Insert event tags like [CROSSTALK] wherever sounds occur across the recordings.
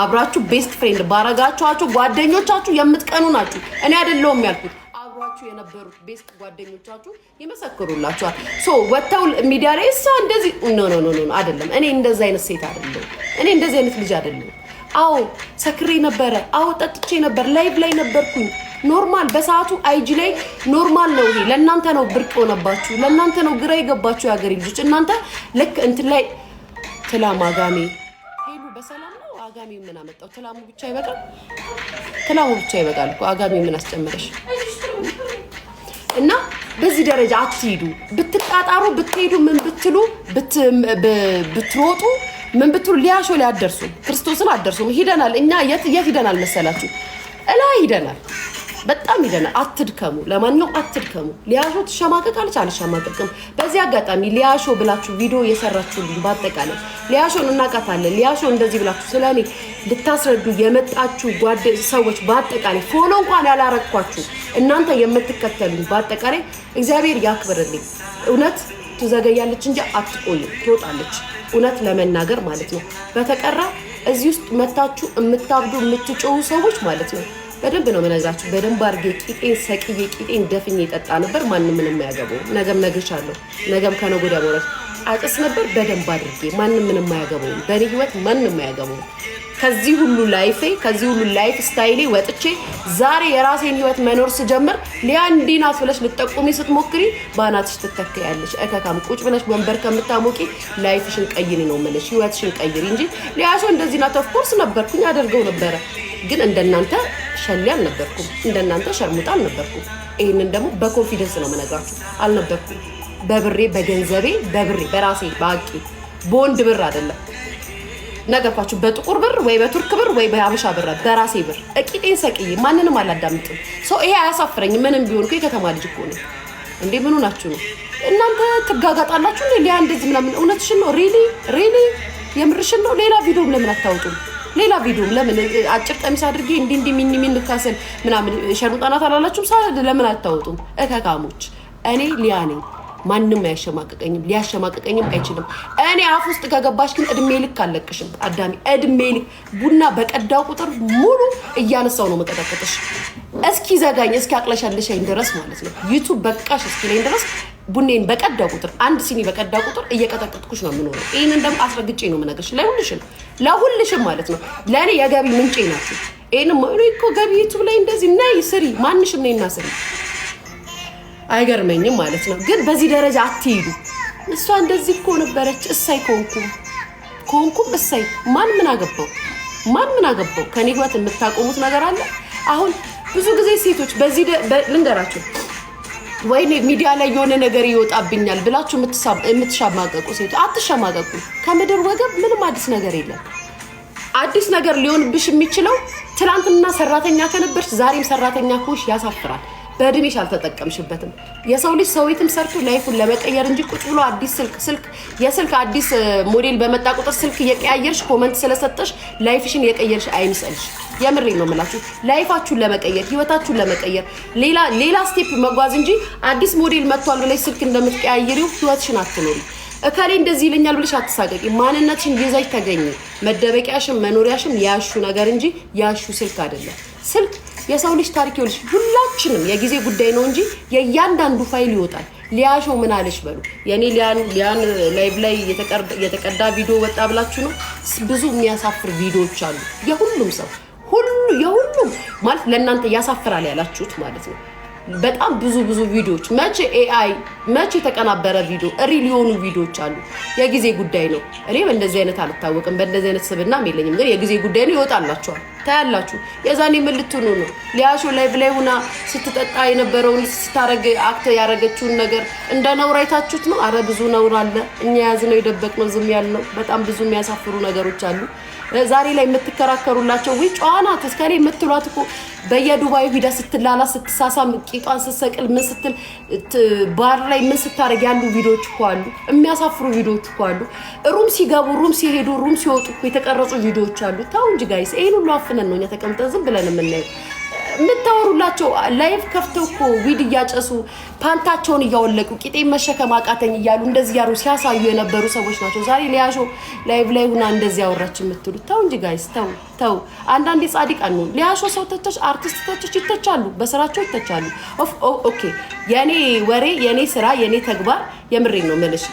አብራችሁ ቤስት ፍሬንድ ባረጋችኋቸው ጓደኞቻችሁ የምትቀኑ ናችሁ። እኔ አይደለሁም ያልኩት አብሯችሁ የነበሩት ቤስት ጓደኞቻችሁ ይመሰክሩላችኋል። ሶ ወጥተው ሚዲያ ላይ እሷ እንደዚህ ኖ ኖ ኖ አይደለም። እኔ እንደዚህ አይነት ሴት አይደለም። እኔ እንደዚህ አይነት ልጅ አይደለም። አዎ ሰክሬ ነበረ። አዎ ጠጥቼ ነበር። ላይቭ ላይ ነበርኩኝ። ኖርማል በሰዓቱ አይጂ ላይ ኖርማል ነው። ይሄ ለእናንተ ነው ብርቅ ሆነባችሁ፣ ለእናንተ ነው ግራ የገባችሁ የሀገሬ ልጆች። እናንተ ልክ እንትን ላይ ትላ ማጋሜ በሰላም አጋሚ ምን አመጣው? ትላሙ ብቻ ይበቃል። ትላሙ ብቻ ይበቃል እኮ አጋሚ ምን አስጨምረሽ እና በዚህ ደረጃ አትሂዱ። ብትጣጣሩ፣ ብትሄዱ፣ ምን ብትሉ፣ ብትሮጡ፣ ምን ብትሉ ሊያሾ ሊያደርሱ ክርስቶስን አደርሱም። ሂደናል። እኛ የት ሂደናል መሰላችሁ? እላይ ሂደናል። በጣም ይደናል። አትድከሙ። ለማንኛውም አትድከሙ። ሊያሾ ትሸማቀቃለች፣ አልሸማቀቅም። በዚህ አጋጣሚ ሊያሾ ብላችሁ ቪዲዮ የሰራችሁልኝ በአጠቃላይ ሊያሾን እናቃታለን። ሊያሾ እንደዚህ ብላችሁ ስለ እኔ ልታስረዱ የመጣችሁ ጓደ ሰዎች በአጠቃላይ ፎሎ እንኳን ያላረግኳችሁ እናንተ የምትከተሉኝ በአጠቃላይ እግዚአብሔር ያክብርልኝ። እውነት ትዘገያለች እንጂ አትቆይም፣ ትወጣለች። እውነት ለመናገር ማለት ነው። በተቀራ እዚህ ውስጥ መታችሁ የምታብዱ የምትጮሁ ሰዎች ማለት ነው በደንብ ነው የምነግራችሁ። በደንብ አድርጌ ቂጤን ሰቅዬ ቂጤን ደፍኜ ጠጣ ነበር። ማንም ምንም ያገቡ ነገም ነግርሻለሁ። ነገም ከነጎዳ ወዲያ አጭስ ነበር በደንብ አድርጌ። ማንም ምንም አያገባውም፣ በእኔ ህይወት ማንም አያገባውም። ከዚህ ሁሉ ላይፌ ከዚህ ሁሉ ላይፍ ስታይሌ ወጥቼ ዛሬ የራሴን ህይወት መኖር ስጀምር ሊያ እንዲህ ናት ብለሽ ልጠቁሚ ስትሞክሪ በአናትሽ ትተከያለሽ። እከካም ቁጭ ብለሽ ወንበር ከምታሞቂ ላይፍሽን ቀይሪ ነው የምልሽ፣ ህይወትሽን ቀይሪ እንጂ ሊያሾ እንደዚህ ናት። ኦፍኮርስ ነበርኩኝ፣ አደርገው ነበረ፣ ግን እንደናንተ ሸሌ አልነበርኩም፣ እንደናንተ ሸርሙጣ አልነበርኩም። ይህንን ደግሞ በኮንፊደንስ ነው የምነግራችሁ፣ አልነበርኩም በብሬ በገንዘቤ በብሬ በራሴ በአቂ በወንድ ብር አይደለም ነገርኳችሁ። በጥቁር ብር ወይ በቱርክ ብር ወይ በሀበሻ ብር በራሴ ብር እቂጤን ሰቅዬ ማንንም አላዳምጥም። ሰው ይሄ አያሳፍረኝ። ምንም ቢሆን እኮ የከተማ ልጅ እኮ ነው እንዴ። ምኑ ናችሁ ነው እናንተ ትጋጋጣላችሁ እንዴ? ሊያ እንደዚህ ምናምን እውነትሽን ነው? ሪሊ ሪሊ የምርሽን ነው? ሌላ ቪዲዮም ለምን አታውጡም? ሌላ ቪዲዮም ለምን አጭር ቀሚስ አድርጌ እንዲ እንዲ ሚኒ ሚኒ ልታስል ምናምን ሸሩጣናት አላላችሁም? ሳ ለምን አታውጡም? እከካሞች እኔ ሊያ ነኝ። ማንም አያሸማቀቀኝም፣ ሊያሸማቀቀኝም አይችልም። እኔ አፍ ውስጥ ከገባሽ ግን እድሜ ልክ አለቅሽም። አዳሚ እድሜ ልክ ቡና በቀዳው ቁጥር ሙሉ እያነሳው ነው መቀጠቀጥሽ። እስኪ ዘጋኝ እስኪ አቅለሻለሻኝ ድረስ ማለት ነው ዩቱብ በቃሽ እስኪ ላይ ድረስ ቡኔን በቀዳ ቁጥር አንድ ሲኒ በቀዳ ቁጥር እየቀጠቀጥኩሽ ነው የምኖረው። ይህንን ደግሞ አስረግጬ ነው የምነግርሽ፣ ለሁልሽም ለሁልሽም ማለት ነው። ለእኔ የገቢ ምንጭ ናቸው። ይህን እኮ ገቢ ዩቱብ ላይ እንደዚህ ናይ ስሪ ማንሽም ነይና ስሪ አይገርመኝም ማለት ነው። ግን በዚህ ደረጃ አትሄዱ። እሷ እንደዚህ እኮ ነበረች። እሳይ ከሆንኩም ከሆንኩም እሳይ ማን ምን አገባው? ማን ምን አገባው? ከኔ ህይወት የምታቆሙት ነገር አለ። አሁን ብዙ ጊዜ ሴቶች በዚህ ልንገራቸው፣ ወይኔ ሚዲያ ላይ የሆነ ነገር ይወጣብኛል ብላችሁ የምትሸማቀቁ ሴቶች አትሸማቀቁ። ከምድር ወገብ ምንም አዲስ ነገር የለም። አዲስ ነገር ሊሆንብሽ የሚችለው ትናንትና ሰራተኛ ከነበርሽ ዛሬም ሰራተኛ ከሆንሽ ያሳፍራል። በእድሜሽ አልተጠቀምሽበትም። የሰው ልጅ ሰው ቤትም ሰርቶ ላይፉን ለመቀየር እንጂ ቁጭ ብሎ አዲስ ስልክ ስልክ የስልክ አዲስ ሞዴል በመጣ ቁጥር ስልክ እየቀያየርሽ ኮመንት ስለሰጠሽ ላይፍሽን የቀየርሽ አይምሰልሽ። የምሬ ነው የምላችሁ። ላይፋችሁን ለመቀየር ህይወታችሁን ለመቀየር ሌላ ሌላ ስቴፕ መጓዝ እንጂ አዲስ ሞዴል መጥቷል ብለሽ ስልክ እንደምትቀያየሪው ህይወትሽን አትኖሪ። እከሌ እንደዚህ ይለኛል ብለሽ አትሳቀቂ። ማንነትሽን ይዘሽ ተገኘ። መደበቂያሽም መኖሪያሽም ያሹ ነገር እንጂ ያሹ ስልክ አይደለም። ስልክ የሰው ልጅ ታሪክ ይኸውልሽ፣ ሁላችንም የጊዜ ጉዳይ ነው እንጂ የእያንዳንዱ ፋይል ይወጣል። ሊያሾ ምን አለች በሉ። የእኔ ሊያን ላይቭ ላይ የተቀዳ ቪዲዮ ወጣ ብላችሁ ነው። ብዙ የሚያሳፍር ቪዲዮዎች አሉ። የሁሉም ሰው ሁሉ የሁሉም ማለት ለእናንተ ያሳፍራል ያላችሁት ማለት ነው በጣም ብዙ ብዙ ቪዲዮዎች መቼ ኤአይ መቼ የተቀናበረ ቪዲዮ ሪል የሆኑ ቪዲዮዎች አሉ። የጊዜ ጉዳይ ነው። እኔ በእንደዚህ አይነት አልታወቅም፣ በእንደዚህ አይነት ስብናም የለኝም፣ ግን የጊዜ ጉዳይ ነው። ይወጣላችኋል፣ ታያላችሁ። የዛኔ ምን ልትሆኑ ነው? ሊያሾ ላይቭ ላይ ሁና ስትጠጣ የነበረውን ስታረግ አክተ ያረገችውን ነገር እንደ ነውር አይታችሁት ነው። አረ ብዙ ነውር አለ። እኛ የያዝነው የደበቅነው ዝም ያልነው በጣም ብዙ የሚያሳፍሩ ነገሮች አሉ። ዛሬ ላይ የምትከራከሩላቸው ወይ ጨዋ ናት የምትሏት እኮ በየዱባዩ ሂዳ ስትላላ ስትሳሳ ቂጧን ስትሰቅል ምን ስትል ባር ላይ ምን ስታደርግ ያሉ ቪዲዮዎች እኮ አሉ። የሚያሳፍሩ ቪዲዮዎች እኮ አሉ። ሩም ሲገቡ፣ ሩም ሲሄዱ፣ ሩም ሲወጡ የተቀረጹ ቪዲዮዎች አሉ። ታው እንጂ ጋይስ ይህን ሁሉ አፍነን ነው እኛ ተቀምጠን ዝም ብለን የምናየው። የምታወሩላቸው ላይቭ ከፍተው እኮ ዊድ እያጨሱ ፓንታቸውን እያወለቁ ቂጤ መሸከም አቃተኝ እያሉ እንደዚህ ያሉ ሲያሳዩ የነበሩ ሰዎች ናቸው። ዛሬ ሊያሾ ላይቭ ላይ ሁና እንደዚህ ያወራች የምትሉ ተው እንጂ ጋይስ፣ ተው ተው። አንዳንዴ ጻድቅ አንሆን። ሊያሾ ሰው ተቸች፣ አርቲስት ተቸች፣ ይተቻሉ፣ በስራቸው ይተቻሉ። ኦኬ፣ የኔ ወሬ፣ የኔ ስራ፣ የኔ ተግባር የምሬ ነው መልሽ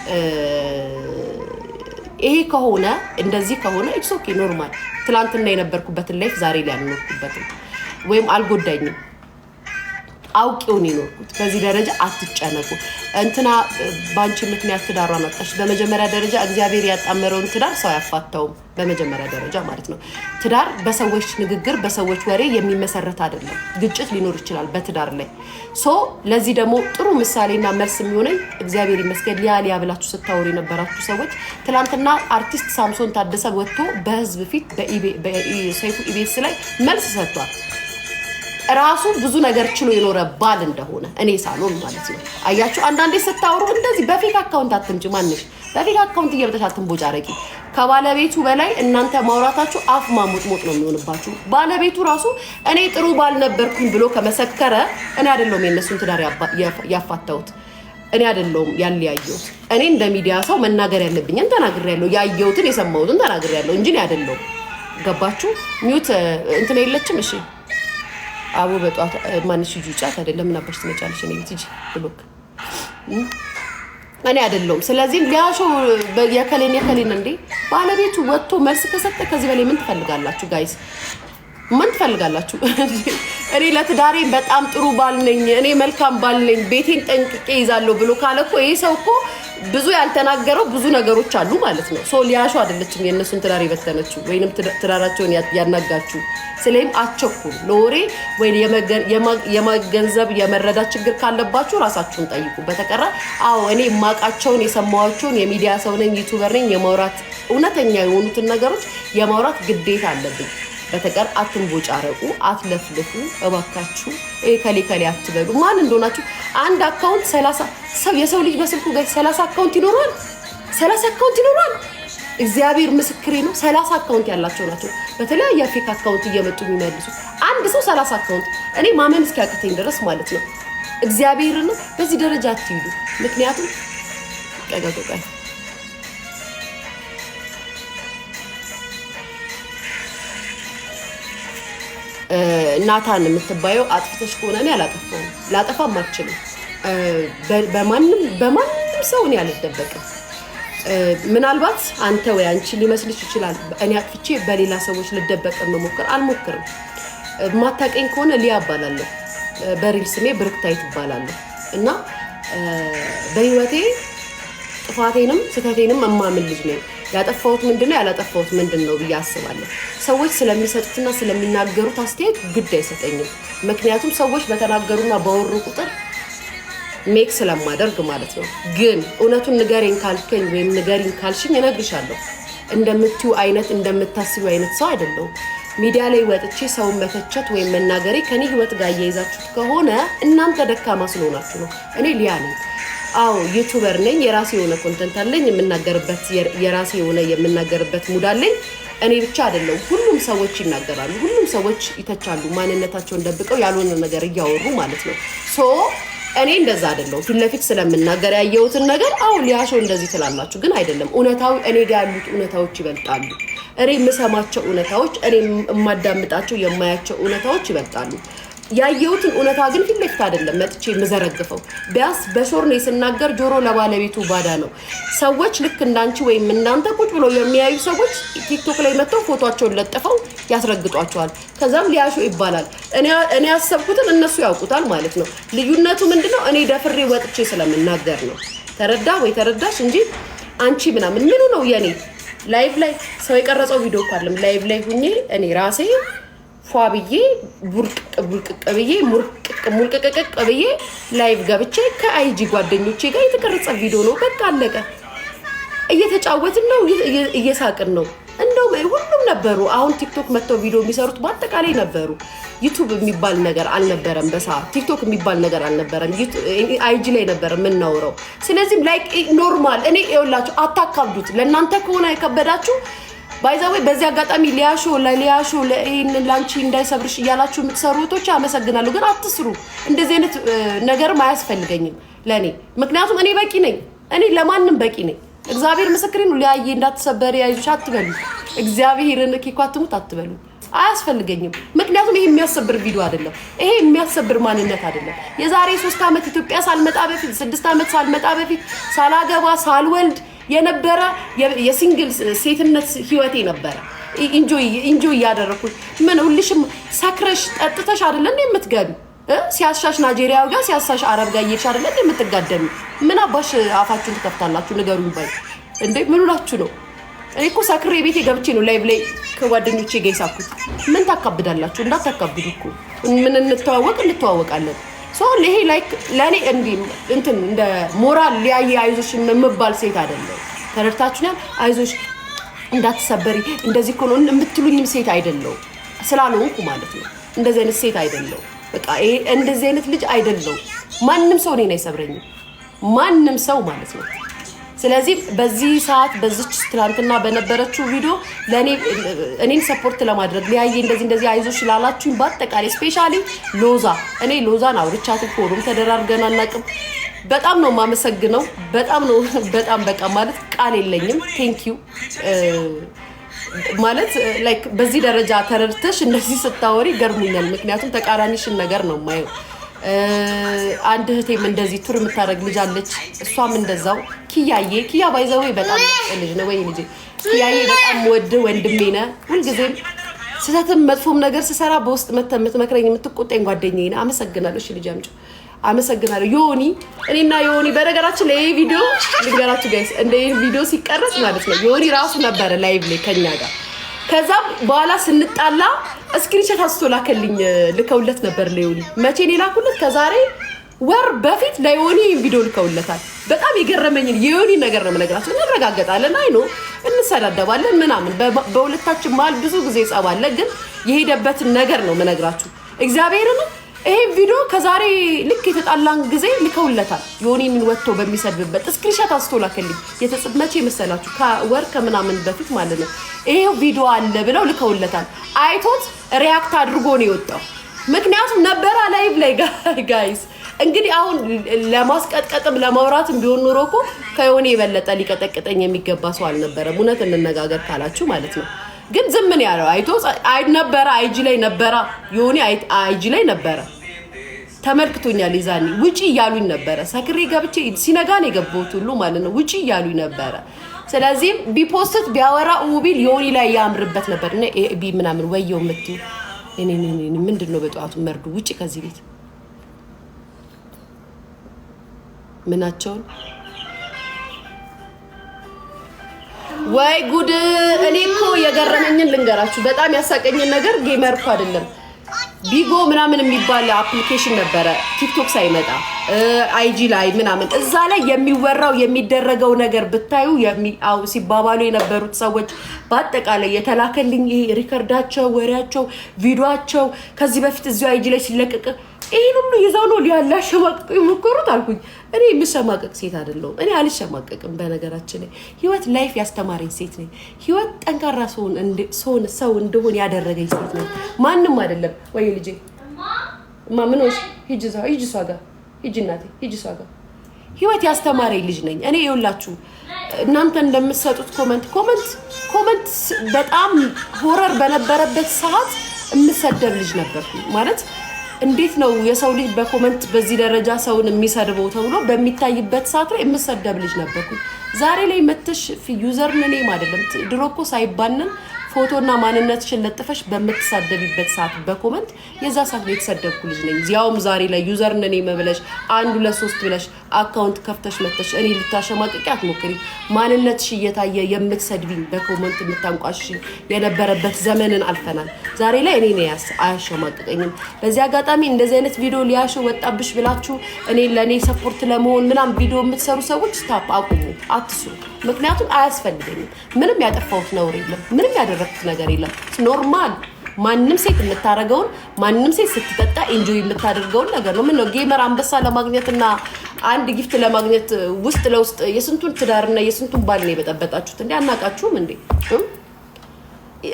ይሄ ከሆነ እንደዚህ ከሆነ ኢትስ ኦኬ ኖርማል። ትላንትና የነበርኩበትን ላይፍ ዛሬ ላይ አልኖርኩበትም። ወይም አልጎዳኝም። አውቂውን ይኖርኩት የኖርኩት። በዚህ ደረጃ አትጨነቁ። እንትና በአንቺ ምክንያት ትዳር መጣች። በመጀመሪያ ደረጃ እግዚአብሔር ያጣመረውን ትዳር ሰው አያፋታውም። በመጀመሪያ ደረጃ ማለት ነው። ትዳር በሰዎች ንግግር፣ በሰዎች ወሬ የሚመሰረት አይደለም። ግጭት ሊኖር ይችላል በትዳር ላይ ሶ ለዚህ ደግሞ ጥሩ ምሳሌና መልስ የሚሆነኝ እግዚአብሔር ይመስገን ሊያ ሊያ ብላችሁ ስታወሩ የነበራችሁ ሰዎች ትናንትና አርቲስት ሳምሶን ታደሰ ወጥቶ በህዝብ ፊት በሰይፉ ኢቤስ ላይ መልስ ሰጥቷል። ራሱ ብዙ ነገር ችሎ የኖረ ባል እንደሆነ እኔ ሳልሆን ማለት ነው። አያችሁ፣ አንዳንዴ ስታወሩ እንደዚህ በፌክ አካውንት አትምጭ። ማንሽ በፌክ አካውንት እየበጠሽ አትንቦጭ አረቂ። ከባለቤቱ በላይ እናንተ ማውራታችሁ አፍ ማሞጥሞጥ ነው የሚሆንባችሁ። ባለቤቱ ራሱ እኔ ጥሩ ባል ነበርኩኝ ብሎ ከመሰከረ እኔ አይደለሁም የነሱን ትዳር ያፋታሁት እኔ አይደለሁም ያለያየሁት። እኔ እንደ ሚዲያ ሰው መናገር ያለብኝን ተናግሬያለሁ። ያየሁትን የሰማሁትን ተናግሬያለሁ እንጂ እኔ አይደለሁም። ገባችሁ? ሚዩት እንትን የለችም። እሺ አቡ በጠዋት ማንሽ ልጁ ጫት አይደለም ምን አባሽ ትመጫለሽ እኔ ቤት ሂጂ ብሎክ እኔ አይደለሁም። ስለዚህ ሊያሾ የከሌን የከሌን እንዴ ባለቤቱ ወጥቶ መልስ ከሰጠ ከዚህ በላይ ምን ትፈልጋላችሁ ጋይስ? ምን ትፈልጋላችሁ? [LAUGHS] እኔ ለትዳሬ በጣም ጥሩ ባል ነኝ፣ እኔ መልካም ባል ነኝ፣ ቤቴን ጠንቅቄ ይዛለሁ ብሎ ካለ እኮ ይህ ሰው እኮ ብዙ ያልተናገረው ብዙ ነገሮች አሉ ማለት ነው። ሰው ሊያሹ አይደለችም የእነሱን ትዳር የበተነችው ወይንም ትዳራቸውን ያናጋችው። ስለይም አቸኩል ለወሬ ወይ የመገንዘብ የመረዳት ችግር ካለባችሁ ራሳችሁን ጠይቁ። በተቀራ አዎ እኔ የማውቃቸውን የሰማኋቸውን የሚዲያ ሰው ነኝ፣ ዩቱበር ነኝ የማውራት እውነተኛ የሆኑትን ነገሮች የማውራት ግዴታ አለብኝ። በተቀር አትንቦጫረቁ፣ አትለፍልፉ እባካችሁ። ከሌ ከሌ አትበሉ። ማን እንደሆናችሁ አንድ አካውንት ሰላሳ ሰው የሰው ልጅ በስልኩ ጋር ሰላሳ አካውንት ይኖረዋል። ሰላሳ አካውንት ይኖረዋል። እግዚአብሔር ምስክሬ ነው። ሰላሳ አካውንት ያላቸው ናቸው በተለያየ ፌክ አካውንት እየመጡ የሚመልሱ አንድ ሰው ሰላሳ አካውንት እኔ ማመን እስኪያቅተኝ ድረስ ማለት ነው። እግዚአብሔርን በዚህ ደረጃ አትይሉ። ምክንያቱም ቀጋቀቃል ናታን የምትባየው አጥፍተሽ ከሆነ እኔ አላጠፋም ላጠፋም አልችልም። በማንም በማንም ሰው እኔ አልደበቅም። ምናልባት አንተ ወይ አንቺ ሊመስልሽ ይችላል። እኔ አጥፍቼ በሌላ ሰዎች ልደበቅ መሞክር አልሞክርም። ማታቀኝ ከሆነ ሊያ እባላለሁ፣ በሪል ስሜ ብርክታይት እባላለሁ እና በህይወቴ ጥፋቴንም ስህተቴንም እማምን ልጅ ነኝ። ያጠፋሁት ምንድን ነው ያላጠፋሁት ምንድን ነው ብዬ አስባለሁ። ሰዎች ስለሚሰጡትና ስለሚናገሩት አስተያየት ግድ አይሰጠኝም። ምክንያቱም ሰዎች በተናገሩና በወሩ ቁጥር ሜክ ስለማደርግ ማለት ነው። ግን እውነቱን ንገሬን ካልከኝ ወይም ንገሪኝ ካልሽኝ እነግርሻለሁ። እንደምትዩ አይነት እንደምታስቢ አይነት ሰው አይደለሁም። ሚዲያ ላይ ወጥቼ ሰውን መተቸት ወይም መናገሬ ከኔ ህይወት ጋር እያይዛችሁት ከሆነ እናንተ ደካማ ስለሆናችሁ ነው። እኔ ሊያ ነኝ። አዎ ዩቱበር ነኝ። የራሴ የሆነ ኮንተንት አለኝ። የምናገርበት የራሴ የሆነ የምናገርበት ሙድ አለኝ። እኔ ብቻ አይደለው፣ ሁሉም ሰዎች ይናገራሉ፣ ሁሉም ሰዎች ይተቻሉ፣ ማንነታቸውን ደብቀው ያልሆነ ነገር እያወሩ ማለት ነው። ሶ እኔ እንደዛ አይደለሁ ፊት ለፊት ስለምናገር ያየሁትን ነገር አዎ ሊያሾ እንደዚህ ትላላችሁ፣ ግን አይደለም። እውነታዊ እኔ ጋር ያሉት እውነታዎች ይበልጣሉ። እኔ የምሰማቸው እውነታዎች፣ እኔ የማዳምጣቸው የማያቸው እውነታዎች ይበልጣሉ። ያየሁትን እውነታ ግን ፊት ለፊት አይደለም መጥቼ የምዘረግፈው። በሾር ነው ስናገር ጆሮ ለባለቤቱ ባዳ ነው። ሰዎች ልክ እንዳንቺ ወይም እናንተ ቁጭ ብሎ የሚያዩ ሰዎች ቲክቶክ ላይ መጥተው ፎቶቸውን ለጥፈው ያስረግጧቸዋል። ከዛም ሊያሾ ይባላል። እኔ ያሰብኩትን እነሱ ያውቁታል ማለት ነው። ልዩነቱ ምንድነው? እኔ ደፍሬ ወጥቼ ስለምናገር ነው። ተረዳ ወይ ተረዳሽ? እንጂ አንቺ ምናምን ምኑ ነው የኔ ላይቭ ላይ ሰው የቀረጸው ቪዲዮ እኮ አይደለም። ላይቭ ላይ ሁኜ እኔ ራሴ ፏ ብዬ ቡርቅቅ ቡርቅቅ ብዬ ሙርቅቅ ሙልቅቅቅ ብዬ ላይቭ ገብቼ ከአይጂ ጓደኞቼ ጋር የተቀረጸ ቪዲዮ ነው። በቃ አለቀ። እየተጫወትን ነው፣ እየሳቅን ነው። እንደውም ሁሉም ነበሩ። አሁን ቲክቶክ መጥተው ቪዲዮ የሚሰሩት በአጠቃላይ ነበሩ። ዩቱብ የሚባል ነገር አልነበረም። በሳ ቲክቶክ የሚባል ነገር አልነበረም። አይጂ ላይ ነበር የምናውረው። ስለዚህም ላይክ ኖርማል እኔ የውላችሁ አታካብዱት። ለእናንተ ከሆነ የከበዳችሁ ባይዘዌ በዚህ አጋጣሚ ሊያሾ ለሊያሾ ይህንን ላንቺ እንዳይሰብርሽ እያላችሁ የምትሰሩ እህቶች አመሰግናለሁ፣ ግን አትስሩ። እንደዚህ አይነት ነገርም አያስፈልገኝም ለእኔ ምክንያቱም እኔ በቂ ነኝ። እኔ ለማንም በቂ ነኝ። እግዚአብሔር ምስክሬ ነው። ሊያየ እንዳትሰበር ያይዞች አትበሉ። እግዚአብሔርን ኬኳ አትበሉ። አያስፈልገኝም። ምክንያቱም ይሄ የሚያሰብር ቪዲዮ አይደለም። ይሄ የሚያሰብር ማንነት አይደለም። የዛሬ ሶስት ዓመት ኢትዮጵያ ሳልመጣ በፊት ስድስት ዓመት ሳልመጣ በፊት ሳላገባ ሳልወልድ የነበረ የሲንግል ሴትነት ህይወቴ ነበረ። ኢንጆይ እያደረኩት ምን ሁልሽም ሰክረሽ ጠጥተሽ አይደለም የምትገቢ ሲያሻሽ ናይጄሪያዊ ጋር ሲያሳሽ አረብ ጋር እየሄድሽ አይደለም የምትጋደሚ። ምን አባሽ አፋችሁን ትከፍታላችሁ? ንገሩኝ ባይ እንዴ ምን ሁላችሁ ነው? እኔ እኮ ሰክሬ ቤቴ ገብቼ ነው ላይቭ ላይ ከጓደኞቼ ጋር የሳኩት። ምን ታካብዳላችሁ? እንዳታካብዱ እኮ ምን እንተዋወቅ እንተዋወቃለን። ይሄ ላይክ ለእኔ እንዲ እንትን እንደ ሞራል ሊያየ አይዞሽ የምባል ሴት አይደለም። ተረድታችሁኛል። አይዞሽ እንዳትሰበሪ እንደዚህ እኮ ነው የምትሉኝም ሴት አይደለው ስላልሆንኩ ማለት ነው። እንደዚህ አይነት ሴት አይደለው። በቃ ይሄ እንደዚህ አይነት ልጅ አይደለው። ማንም ሰው እኔን አይሰብረኝም። ማንም ሰው ማለት ነው። ስለዚህ በዚህ ሰዓት በዚች ትናንትና በነበረችው ቪዲዮ ለእኔ እኔን ሰፖርት ለማድረግ ሊያየ እንደዚህ እንደዚህ አይዞሽ ላላችሁኝ በአጠቃላይ ስፔሻሊ ሎዛ እኔ ሎዛን አውርቻት ፎሩም ተደራርገን አናቅም። በጣም ነው የማመሰግነው። በጣም ነው [LAUGHS] በጣም በቃ ማለት ቃል የለኝም። ቴንክ ዩ ማለት ላይክ በዚህ ደረጃ ተረድተሽ እንደዚህ ስታወሪ ገርሙኛል። ምክንያቱም ተቃራኒሽን ነገር ነው ማየው አንድ እህቴም እንደዚህ ቱር የምታደርግ ልጅ አለች። እሷም እንደዛው ኪያዬ ኪያ ባይዘዌ በጣም ልጅ ነው ወይ ልጅ ኪያዬ በጣም ወድ ወንድሜ ነ ሁልጊዜም ስህተትም መጥፎም ነገር ስሰራ በውስጥ መተ የምትመክረኝ የምትቆጣኝ ጓደኛዬ ነህ። አመሰግናለሁ። እሺ ልጅ አምጪ አመሰግናለሁ ዮኒ። እኔና ዮኒ በነገራችን ላይ ይህ ቪዲዮ ልንገራችሁ ጋይስ፣ እንደ ይህ ቪዲዮ ሲቀረጽ ማለት ነው ዮኒ ራሱ ነበረ ላይቭ ላይ ከኛ ጋር ከዛ በኋላ ስንጣላ እስክሪንሸት አስቶ ላከልኝ። ልከውለት ነበር ለዮኒ መቼ ነው የላኩለት? ከዛሬ ወር በፊት ለዮኒ ቪዲዮ ልከውለታል። በጣም የገረመኝን የዮኒ ነገር ነው የምነግራቸው። እንረጋገጣለን፣ አይ ነው እንሰዳደባለን ምናምን፣ በሁለታችን መሀል ብዙ ጊዜ ጸባለ፣ ግን የሄደበትን ነገር ነው የምነግራችሁ እግዚአብሔርንም ይሄ ቪዲዮ ከዛሬ ልክ የተጣላን ጊዜ ልከውለታል። የሆነ ምን ወጥቶ በሚሰድብበት እስክሪንሻት አንስቶ ላከልኝ። መቼ መሰላችሁ? ከወር ከምናምን በፊት ማለት ነው። ይሄ ቪዲዮ አለ ብለው ልከውለታል። አይቶት ሪያክት አድርጎ ነው የወጣው። ምክንያቱም ነበረ ላይቭ ላይ ጋይስ እንግዲህ አሁን ለማስቀጥቀጥም ለማውራትም ቢሆን ኑሮ እኮ ከሆነ የበለጠ ሊቀጠቅጠኝ የሚገባ ሰው አልነበረም። እውነት እንነጋገር ካላችሁ ማለት ነው። ግን ዝም ምን ያለው አይቶ ነበረ አይጂ ላይ ነበረ ዮኒ አይጂ ላይ ነበረ ተመልክቶኛል። ይዛኔ ውጪ እያሉኝ ነበረ። ሰክሬ ገብቼ ሲነጋ ነው የገባሁት ሁሉ ማለት ነው። ውጪ እያሉኝ ነበረ። ስለዚህም ቢፖስት ቢያወራ ውቢል ዮኒ ላይ ያምርበት ነበር። ቢ ምናምን ወየው ምት ምንድን ነው በጠዋቱ መርዱ ውጭ ከዚህ ቤት ምናቸውን ወይ ጉድ! እኔ እኮ የገረመኝን ልንገራችሁ። በጣም ያሳቀኝን ነገር ጌመር እኮ አይደለም ቢጎ ምናምን የሚባል አፕሊኬሽን ነበረ፣ ቲክቶክ ሳይመጣ አይጂ ላይ ምናምን። እዛ ላይ የሚወራው የሚደረገው ነገር ብታዩ ሲባባሉ የነበሩት ሰዎች በአጠቃላይ የተላከልኝ ይሄ ሪከርዳቸው፣ ወሬያቸው፣ ቪዲዮቸው ከዚህ በፊት እዚ አይጂ ላይ ሲለቀቅ ይሄን ሁሉ ይዘው ነው ሊያሸማቅቁ የሞከሩት አልኩኝ። እኔ የምሸማቀቅ ሴት አይደለሁም። እኔ አልሸማቀቅም። በነገራችን ላይ ህይወት ላይፍ ያስተማረኝ ሴት ነኝ። ህይወት ጠንካራ ሰውን ሰው እንደሆን ያደረገኝ ሴት ነኝ። ማንም አይደለም ወይ ልጄ እማ ምን ሆንሽ? ሂጂ ሂጂ እሷ ጋር ሂጂ እናቴ ሂጂ እሷ ጋር ህይወት ያስተማረኝ ልጅ ነኝ እኔ። የውላችሁ እናንተ እንደምትሰጡት ኮመንት ኮመንት ኮመንት በጣም ሆረር በነበረበት ሰዓት የምሰደብ ልጅ ነበርኩ ማለት እንዴት ነው የሰው ልጅ በኮመንት በዚህ ደረጃ ሰውን የሚሰድበው ተብሎ በሚታይበት ሰዓት ላይ የምሰደብ ልጅ ነበርኩ። ዛሬ ላይ መተሽ ዩዘር ነኔም አይደለም ድሮ እኮ ሳይባንን ፎቶና ማንነትሽን ለጥፈሽ በምትሳደቢበት ሰዓት በኮመንት የዛ ሰዓት ነው የተሰደብኩ ልጅ ነኝ እዚያውም ዛሬ ላይ ዩዘር ነን መብለሽ አንዱ ለሶስት ብለሽ አካውንት ከፍተሽ መተሽ እኔ ልታሸማቅቂ አትሞክሪ። ማንነትሽ እየታየ የምትሰድቢኝ በኮመንት የምታንቋሽ የነበረበት ዘመንን አልፈናል። ዛሬ ላይ እኔ ነው አያሸማቅቀኝም። በዚህ አጋጣሚ እንደዚህ አይነት ቪዲዮ ሊያሾ ወጣብሽ ብላችሁ እኔ ለእኔ ሰፖርት ለመሆን ምናም ቪዲዮ የምትሰሩ ሰዎች ስታፕ አቁሙ፣ አትሱ። ምክንያቱም አያስፈልገኝም። ምንም ያጠፋሁት ነውር የለም ምንም ያደ ያደረግኩት ነገር የለም። ኖርማል ማንም ሴት የምታደርገውን ማንም ሴት ስትጠጣ ኢንጆይ የምታደርገውን ነገር ነው። ምነው ጌመር አንበሳ ለማግኘት እና አንድ ጊፍት ለማግኘት ውስጥ ለውስጥ የስንቱን ትዳርና የስንቱን ባል ነው የበጠበጣችሁት? እንዲ አናቃችሁም እንዴ?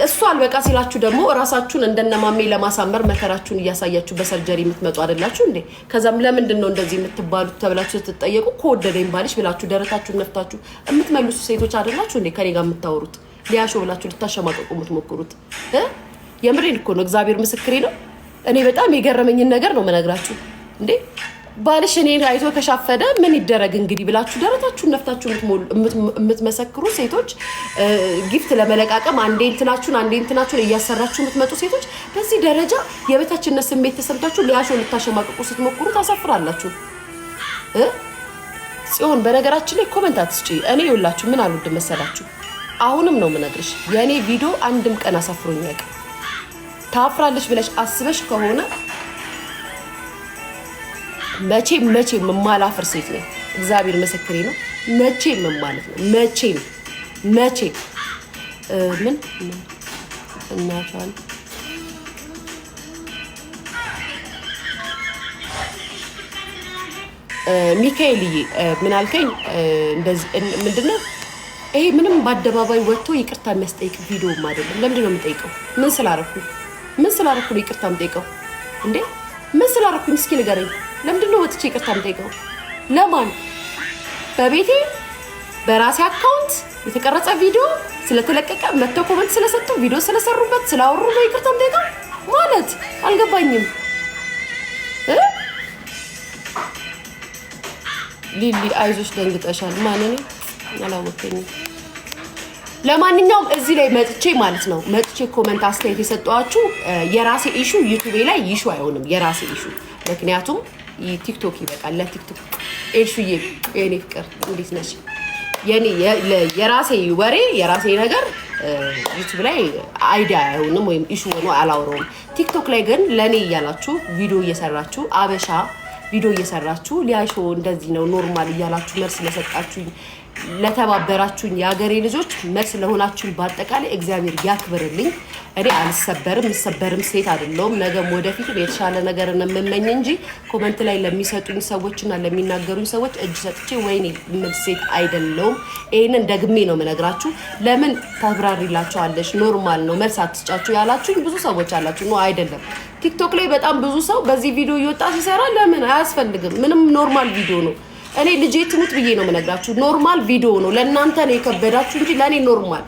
እሱ አልበቃ ሲላችሁ ደግሞ እራሳችሁን እንደነማሜ ለማሳመር መከራችሁን እያሳያችሁ በሰርጀሪ የምትመጡ አይደላችሁ እንዴ? ከዛም ለምንድን ነው እንደዚህ የምትባሉት ተብላችሁ ስትጠየቁ ከወደደኝ ባልሽ ብላችሁ ደረታችሁን ነፍታችሁ የምትመልሱ ሴቶች አይደላችሁ እንዴ? ከኔ ጋር የምታወሩት ሊያሾ ብላችሁ ልታሸማቀቁ የምትሞክሩት የምሬን እኮ ነው። እግዚአብሔር ምስክሬ ነው። እኔ በጣም የገረመኝን ነገር ነው መነግራችሁ። እንዴ ባልሽ እኔን አይቶ ከሻፈደ ምን ይደረግ እንግዲህ ብላችሁ ደረታችሁን ነፍታችሁ የምትመሰክሩ ሴቶች፣ ጊፍት ለመለቃቀም አንዴ እንትናችሁን አንዴ እንትናችሁን እያሰራችሁ የምትመጡ ሴቶች፣ በዚህ ደረጃ የበታችነት ስሜት ተሰምታችሁ ሊያሾ ልታሸማቀቁ ስትሞክሩ ታሳፍራላችሁ። ጽዮን በነገራችን ላይ ኮመንት አትስጪ። እኔ ይውላችሁ ምን አሉ መሰላችሁ አሁንም ነው ምነግርሽ፣ የእኔ ቪዲዮ አንድም ቀን አሳፍሮኝ አያውቅም። ታፍራለች ብለሽ አስበሽ ከሆነ መቼም መቼ የማላፍር ሴት ነኝ። እግዚአብሔር ምስክሬ ነው። መቼም ማለት ነው መቼም መቼ ምን እናቷን ሚካኤልዬ ምን አልከኝ? ምንድነው ይሄ ምንም በአደባባይ ወጥቶ ይቅርታ የሚያስጠይቅ ቪዲዮም አይደለም። ለምንድን ነው የምጠይቀው? ምን ስላረኩ ምን ስላረኩ ነው ይቅርታ የምጠይቀው? እንዴ ምን ስላረኩኝ እስኪ ንገረኝ። ለምንድን ነው ወጥቼ ይቅርታ የምጠይቀው? ለማን? በቤቴ በራሴ አካውንት የተቀረጸ ቪዲዮ ስለተለቀቀ መጥቶ ኮመንት ስለሰጡ ቪዲዮ ስለሰሩበት ስላወሩ ነው ይቅርታ የምጠይቀው ማለት አልገባኝም። ሊሊ አይዞች ደንግጠሻል። ማንን አላወቀኝም። ለማንኛውም እዚህ ላይ መጥቼ ማለት ነው መጥቼ ኮመንት አስተያየት የሰጠዋችሁ የራሴ ኢሹ ዩቱቤ ላይ ይሹ አይሆንም። የራሴ ኢሹ ምክንያቱም ቲክቶክ ይበቃል። ለቲክቶክ ኤልሹዬ የኔ ፍቅር እንዴት ነሽ? የራሴ ወሬ የራሴ ነገር ዩቱብ ላይ አይዲያ አይሆንም ወይም ኢሹ ሆኖ አላውረውም። ቲክቶክ ላይ ግን ለእኔ እያላችሁ ቪዲዮ እየሰራችሁ አበሻ ቪዲዮ እየሰራችሁ ሊያሾ እንደዚህ ነው ኖርማል እያላችሁ መልስ ለሰጣችሁኝ ለተባበራችሁኝ የሀገሬ ልጆች መልስ ለሆናችሁ በአጠቃላይ እግዚአብሔር ያክብርልኝ። እኔ አልሰበርም፣ ሰበርም ሴት አይደለሁም። ነገም ወደፊት የተሻለ ነገር የምመኝ እንጂ ኮመንት ላይ ለሚሰጡኝ ሰዎችና ለሚናገሩኝ ሰዎች እጅ ሰጥቼ ወይኔ የምል ሴት አይደለሁም። ይህንን ደግሜ ነው የምነግራችሁ። ለምን ታብራሪላችኋለች? ኖርማል ነው መልስ አትስጫችሁ ያላችሁኝ ብዙ ሰዎች አላችሁ። ነው አይደለም። ቲክቶክ ላይ በጣም ብዙ ሰው በዚህ ቪዲዮ እየወጣ ሲሰራ ለምን አያስፈልግም? ምንም ኖርማል ቪዲዮ ነው። እኔ ልጄ ትሙት ብዬ ነው የምነግራችሁ። ኖርማል ቪዲዮ ነው ለእናንተ ነው የከበዳችሁ እንጂ ለእኔ ኖርማል።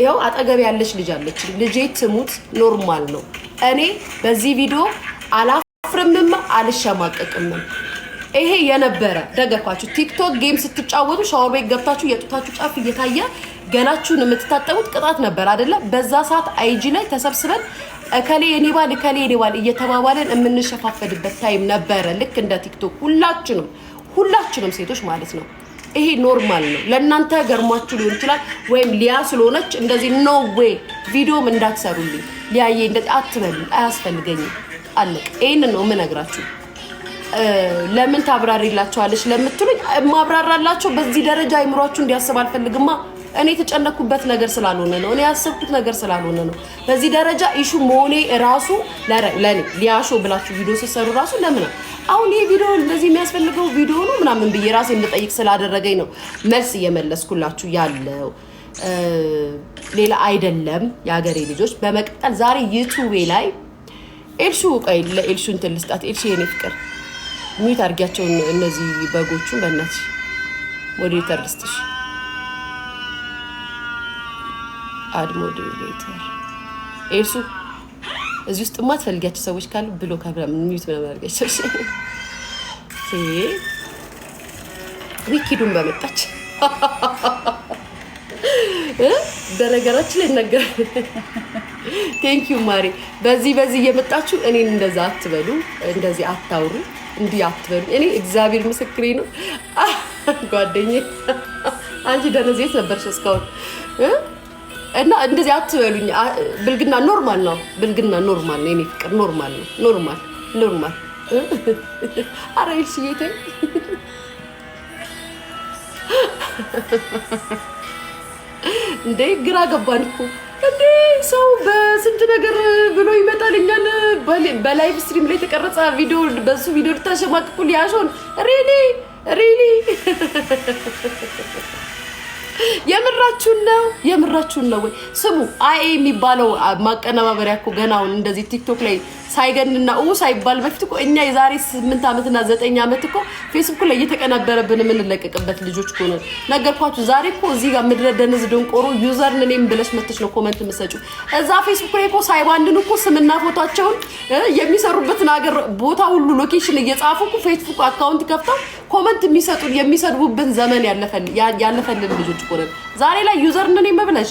ይኸው አጠገብ ያለች ልጅ አለች። ልጄ ትሙት ኖርማል ነው። እኔ በዚህ ቪዲዮ አላፍርምም፣ አልሸማቀቅምም። ይሄ የነበረ ደገርኳችሁ። ቲክቶክ ጌም ስትጫወቱ ሻወር ቤት ገብታችሁ የጡታችሁ ጫፍ እየታየ ገላችሁን የምትታጠቡት ቅጣት ነበር አይደለም? በዛ ሰዓት አይጂ ላይ ተሰብስበን እከሌ የኔ ባል እከሌ የኔ ባል እየተባባልን የምንሸፋፈድበት ታይም ነበረ። ልክ እንደ ቲክቶክ ሁላችንም ሁላችንም ሴቶች ማለት ነው። ይሄ ኖርማል ነው። ለእናንተ ገርማችሁ ሊሆን ይችላል። ወይም ሊያ ስለሆነች እንደዚህ ኖ ዌይ ቪዲዮም እንዳትሰሩልኝ ሊያየ እንደ አትበሉ፣ አያስፈልገኝም። አለቅ። ይህን ነው የምነግራችሁ። ለምን ታብራሪላችኋለች ለምትሉኝ ማብራራላቸው በዚህ ደረጃ አይምሯችሁ እንዲያስብ አልፈልግማ። እኔ የተጨነኩበት ነገር ስላልሆነ ነው። እኔ ያሰብኩት ነገር ስላልሆነ ነው። በዚህ ደረጃ ኢሹ መሆኔ ራሱ ለእኔ ሊያሾ ብላችሁ ቪዲዮ ስትሰሩ ራሱ ለምን አሁን ይህ ቪዲዮ እንደዚህ የሚያስፈልገው ቪዲዮ ነው ምናምን ብዬ ራሴ እንድጠይቅ ስላደረገኝ ነው መልስ እየመለስኩላችሁ ያለው ሌላ አይደለም። የሀገሬ ልጆች በመቀጠል ዛሬ ዩቱቤ ላይ ኤልሹ ቆይ ለኤልሹ እንትን ልስጣት። ኤልሹ የኔ ፍቅር ሚት አድርጊያቸውን እነዚህ በጎቹን በእናትሽ ሞዴሬተር ልስጥሽ። አድሞ ድብሌተር ኤርሱ እዚህ ውስጥ ትፈልጊያቸው ሰዎች ካሉ ብሎ ከብረ ሚዩት ምናምን ዊኪዱን በመጣች በነገራችን ላይ ነገር ቴንኪዩ [LAUGHS] ማሪ። በዚህ በዚህ እየመጣችሁ እኔን እንደዛ አትበሉ፣ እንደዚህ አታውሩ፣ እንዲህ አትበሉ። እኔ እግዚአብሔር ምስክሬ ነው [LAUGHS] ጓደኛዬ። አንቺ ደነዝ የት ነበርሽ እስካሁን? እና እንደዚህ አትበሉኝ። ብልግና ኖርማል ነው። ብልግና ኖርማል ነው። የኔ ፍቅር ኖርማል ነው። ኖርማል ኖርማል። [LAUGHS] አረ ይልሽየተ [LAUGHS] እንዴ ግራ ገባን እኮ እንዴ ሰው በስንት ነገር ብሎ ይመጣል። እኛን በላይቭ ስትሪም ላይ የተቀረጸ ቪዲዮ በሱ ቪዲዮ ልታሸማቅቁ ሊያሾን ሪሊ ሪሊ [LAUGHS] የምራችሁን ነው የምራችሁን ነው ወይ? ስሙ አይ የሚባለው ማቀነባበሪያ እኮ ገና አሁን እንደዚህ ቲክቶክ ላይ ሳይገንና ኡ ሳይባል በፊት እኮ እኛ የዛሬ ስምንት ዓመትና ዘጠኝ ዓመት እኮ ፌስቡክ ላይ እየተቀናበረብን የምንለቀቅበት ልጆች እኮ ነው። ነገርኳችሁ። ዛሬ እኮ እዚህ ጋር ምድረ ደንዝ ድንቆሮ ዩዘር እኔም ብለሽ መተች ነው ኮመንት የምትሰጪው። እዛ ፌስቡክ ላይ እኮ ሳይባንድን እኮ ስምና ፎቷቸውን የሚሰሩበትን ሀገር ቦታ ሁሉ ሎኬሽን እየጻፉ ፌስቡክ አካውንት ከፍተው ኮመንት የሚሰጡን የሚሰድቡብን ዘመን ያለፈልን ልጆች አትሆንም። ዛሬ ላይ ዩዘር እንደኔ መብለሽ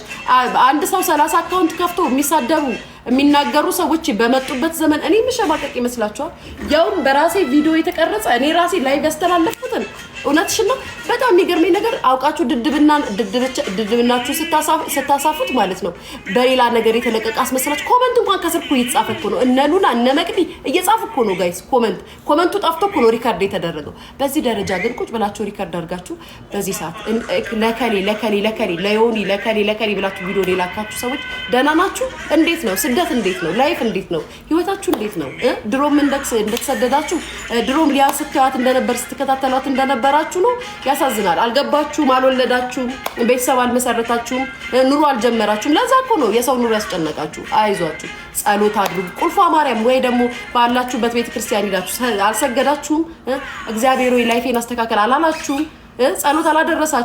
አንድ ሰው ሰላሳ አካውንት ከፍቶ የሚሳደቡ የሚናገሩ ሰዎች በመጡበት ዘመን እኔ የምሸማቀቅ ይመስላችኋል? ያውም በራሴ ቪዲዮ የተቀረጸ እኔ ራሴ ላይ ያስተላለፉትን እውነትሽ ነው። በጣም የሚገርመኝ ነገር አውቃችሁ ድድብናችሁ ስታሳፉት ማለት ነው በሌላ ነገር የተለቀቀ አስመስላችሁ። ኮመንት እንኳን ከስር እኮ እየተጻፈ እኮ ነው። እነ ሉና እነ መቅዲ እየጻፉ እኮ ነው ጋይስ። ኮመንት ኮመንቱ ጠፍቶ እኮ ነው ሪካርድ የተደረገው። በዚህ ደረጃ ግን ቁጭ ብላችሁ ሪካርድ አድርጋችሁ በዚህ ሰዓት ለከሌ ለከሌ ለከሌ ለዮኒ ለከሌ ለከሌ ብላችሁ ቪዲዮ ሌላካችሁ ሰዎች ደህና ናችሁ? እንዴት ነው? ስደት እንዴት ነው? ላይፍ እንዴት ነው? ህይወታችሁ እንዴት ነው? ድሮም እንደተሰደዳችሁ ድሮም ሊያ ስትዋት እንደነበር ስትከታተሏት እንደነበራችሁ ነው። ያሳዝናል። አልገባችሁም፣ አልወለዳችሁም፣ ቤተሰብ አልመሰረታችሁም፣ ኑሮ አልጀመራችሁም። ለዛ እኮ ነው የሰው ኑሮ ያስጨነቃችሁ። አይዟችሁ፣ ጸሎት አድርጉ። ቁልፏ ማርያም ወይ ደግሞ ባላችሁበት ቤተክርስቲያን ሂዳችሁ አልሰገዳችሁም፣ እግዚአብሔር ወይ ላይፌን አስተካከል አላላችሁም፣ ጸሎት አላደረሳችሁ